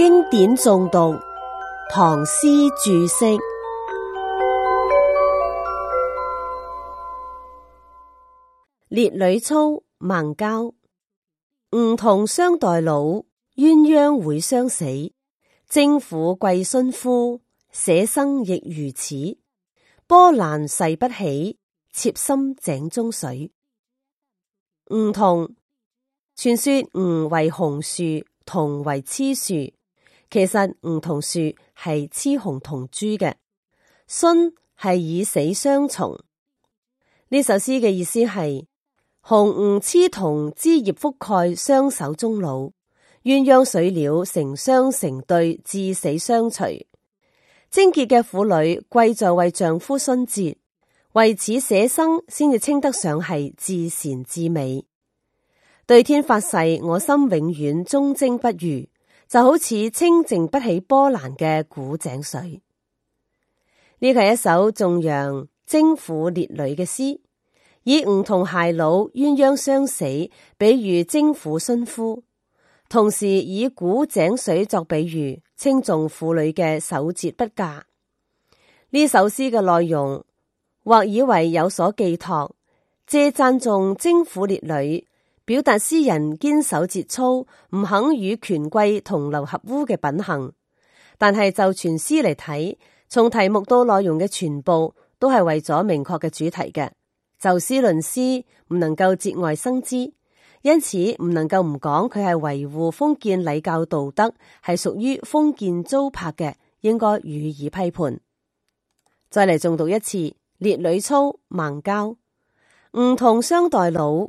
經典誦讀，唐詩注釋。烈女操孟郊：梧桐相待老，鴛鴦會相死。政府貴殉夫，捨生亦如此。波瀾誓不起，妾心井中水。梧桐傳說，梧為紅樹，桐為痴樹。其實梧桐樹係雌雄同株嘅，殉係以死相從。呢首詩嘅意思係，紅梧雌桐枝葉覆蓋，相守終老；鴛鴦水鳥成雙成對，至死相隨。貞潔嘅婦女貴在為丈夫殉節，為此捨生，先至稱得上係至善至美。對天發誓，我心永遠忠貞不渝。就好似清靜不起波瀾嘅古井水，呢係一首頌揚貞婦烈女嘅詩，以梧桐偕老、鴛鴦相死比喻貞婦殉夫，同時以古井水作比喻，稱頌婦女嘅守節不嫁。呢首詩嘅內容或以為有所寄託，借讚頌貞婦烈女。表達詩人堅守節操、唔肯與權貴同流合污嘅品行，但係就全詩嚟睇，從題目到內容嘅全部都係為咗明確嘅主題嘅。就詩論詩，唔能夠節外生枝，因此唔能夠唔講佢係維護封建禮教道德，係屬於封建糟粕嘅，應該予以批判。再嚟重讀一次：烈女操，孟郊，梧桐相待老。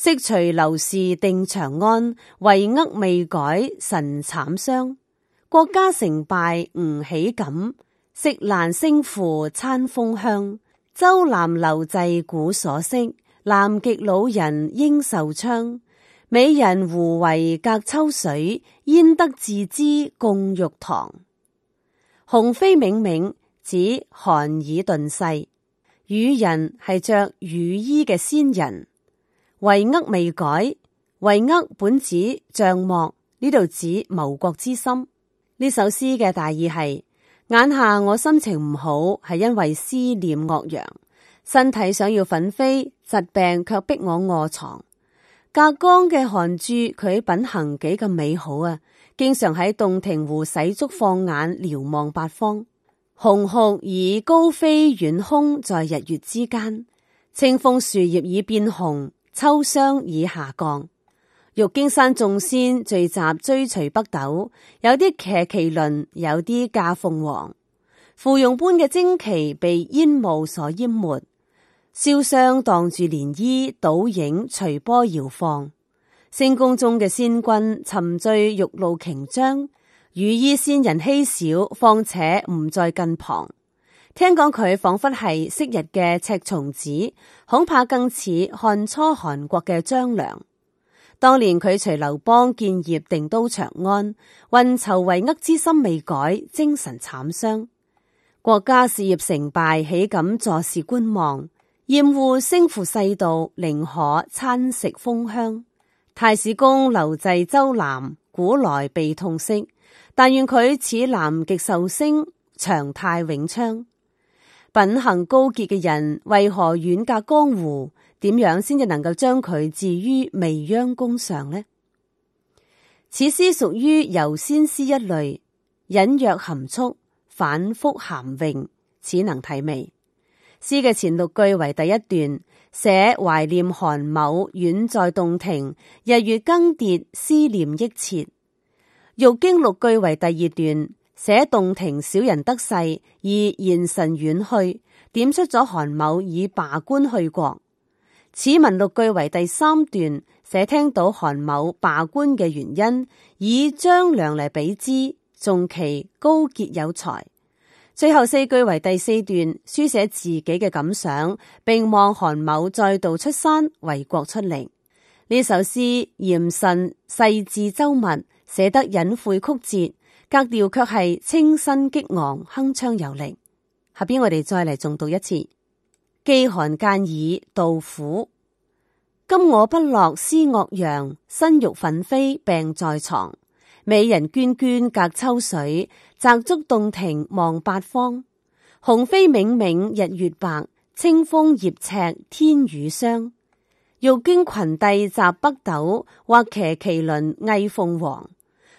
昔隨劉氏定長安，帷幄未改，神慘傷。國家成敗吾豈敢，色難腥腐餐楓香。周南留滯古所惜，南極老人應壽昌。美人胡為隔秋水？焉得自知共玉堂？鴻飛冥冥，指韓已遁世。羽人係着羽衣嘅仙人。帷幄未改，帷幄本指帳幕，呢度指謀國之心。呢首詩嘅大意係：眼下我心情唔好，係因為思念岳陽，身體想要奮飛，疾病卻逼我臥床。隔江嘅韓注，佢品行幾咁美好啊！經常喺洞庭湖洗足放眼，瞭望八方，鴻鵠已高飛遠空，在日月之間，青楓樹葉已變紅。秋霜已下降，玉京山眾仙聚集追隨北斗，有啲騎麒麟，有啲駕鳳凰，芙蓉般嘅旌旗被煙霧所淹沒，瀟湘蕩住漣漪，倒影隨波搖晃，星宮中嘅仙君沉醉玉露瓊漿，羽衣仙人稀少，況且唔在近旁。聽講佢仿佛係昔日嘅赤松子，恐怕更似漢初韓國嘅張良。當年佢隨劉邦建業定都長安，運籌帷幄之心未改，精神慘傷。國家事業成敗，豈敢坐視觀望？厭惡升扶世道，寧可餐食風香。太史公留滯周南，古來被痛惜，但願佢似南極壽星，長泰永昌。品行高潔嘅人為何遠隔江湖？點樣先至能夠將佢置於未央宮上呢？此詩屬於遊仙詩一類，隱約含蓄，反覆含詠，此能體味。詩嘅前六句為第一段，寫懷念韓某遠在洞庭，日月更迭，思念益切。欲經六句為第二段。寫洞庭小人得勢，而賢臣遠去，點出咗韓某以罷官去國。此文六句為第三段，寫聽到韓某罷官嘅原因，以張良嚟比之，頌其高潔有才。最後四句為第四段，書寫自己嘅感想，並望韓某再度出山為國出力。呢首詩嚴慎細致周密，寫得隱晦曲折。格調卻係清新激昂，鏗鏘有力。下邊我哋再嚟重讀一次《寄韓諫議注》，杜甫。今我不樂思岳陽，身欲奮飛病在床。美人娟娟隔秋水，濯足洞庭望八荒。鴻飛冥冥日月白，清風葉赤天雨霜。玉京群帝集北斗，或騎麒麟翳鳳凰。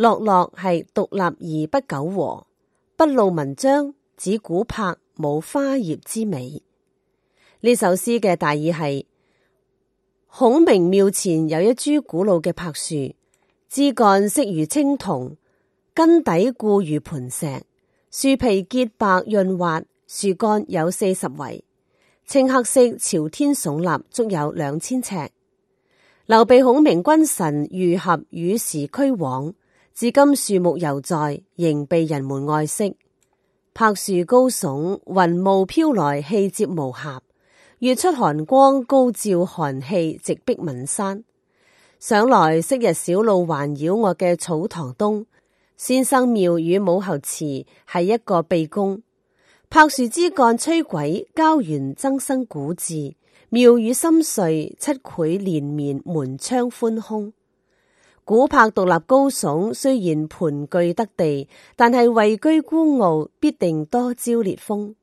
落落係獨立而不苟和，不露文章，指古柏無花葉之美。呢首詩嘅大意係：孔明廟前有一株古老嘅柏樹，枝幹色如青銅，根底固如磐石，樹皮潔白潤滑，樹幹有四十圍，青黑色朝天聳立，足有兩千尺。劉備、孔明君臣遇合，與時俱往。至今樹木猶在，仍被人們愛惜。柏樹高聳，雲霧飄來，氣接巫峽。月出寒光，高照寒氣，直逼文山。想來昔日小路環繞我嘅草堂東，先生廟與武侯祠係一個秘宮。柏樹枝幹摧鬼，郊原增生古字。廟宇深邃，七愧連綿，門窗寬空。古柏獨立高聳，雖然盤踞得地，但係位居孤傲，必定多招烈風。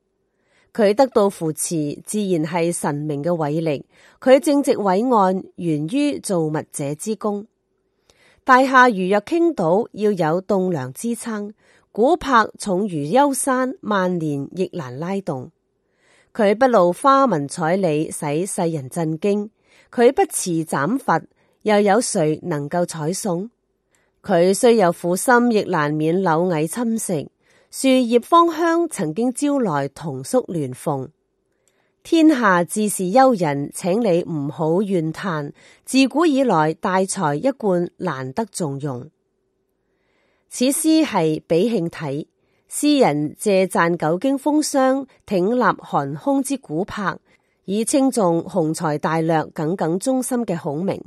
佢得到扶持，自然係神明嘅偉力。佢正直偉岸，源於造物者之功。大廈如若傾倒，要有棟樑支撐。古柏重如幽山，萬年亦難拉動。佢不露花紋彩理，使世人震驚。佢不辭斬伐。又有誰能夠採送？佢雖有苦心，亦難免螻蟻侵蝕，樹葉芳香，曾經招來同宿鸞鳳。天下自是幽人，請你唔好怨嘆。自古以來，大才一貫難得重用。此詩係比興體，詩人借讚久經風霜挺立寒空之古柏，以稱頌雄才大略、耿耿忠心嘅孔明。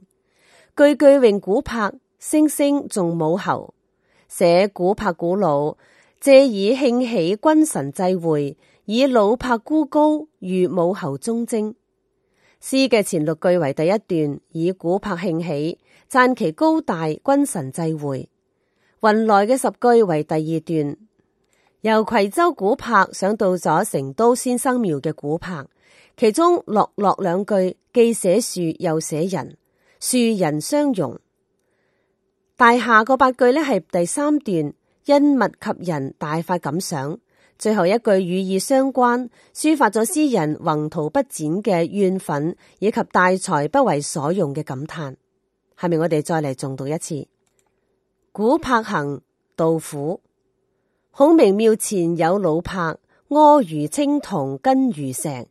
句句詠古柏，聲聲頌武侯。寫古柏古老，借以興起君臣際會；以老柏孤高，喻武侯忠貞。詩嘅前六句為第一段，以古柏興起，讚其高大君臣際會。雲來嘅十句為第二段，由夔州古柏想到咗成都先生廟嘅古柏，其中落落兩句，既寫樹又寫人。樹人相容。大廈嗰八句呢，係第三段，因物及人，大發感想。最後一句與意相關，抒發咗詩人宏圖不展嘅怨憤，以及大才不為所用嘅感嘆。下面我哋再嚟重讀一次《古柏行》，杜甫，孔明廟前有老柏，柯如青銅，根如石。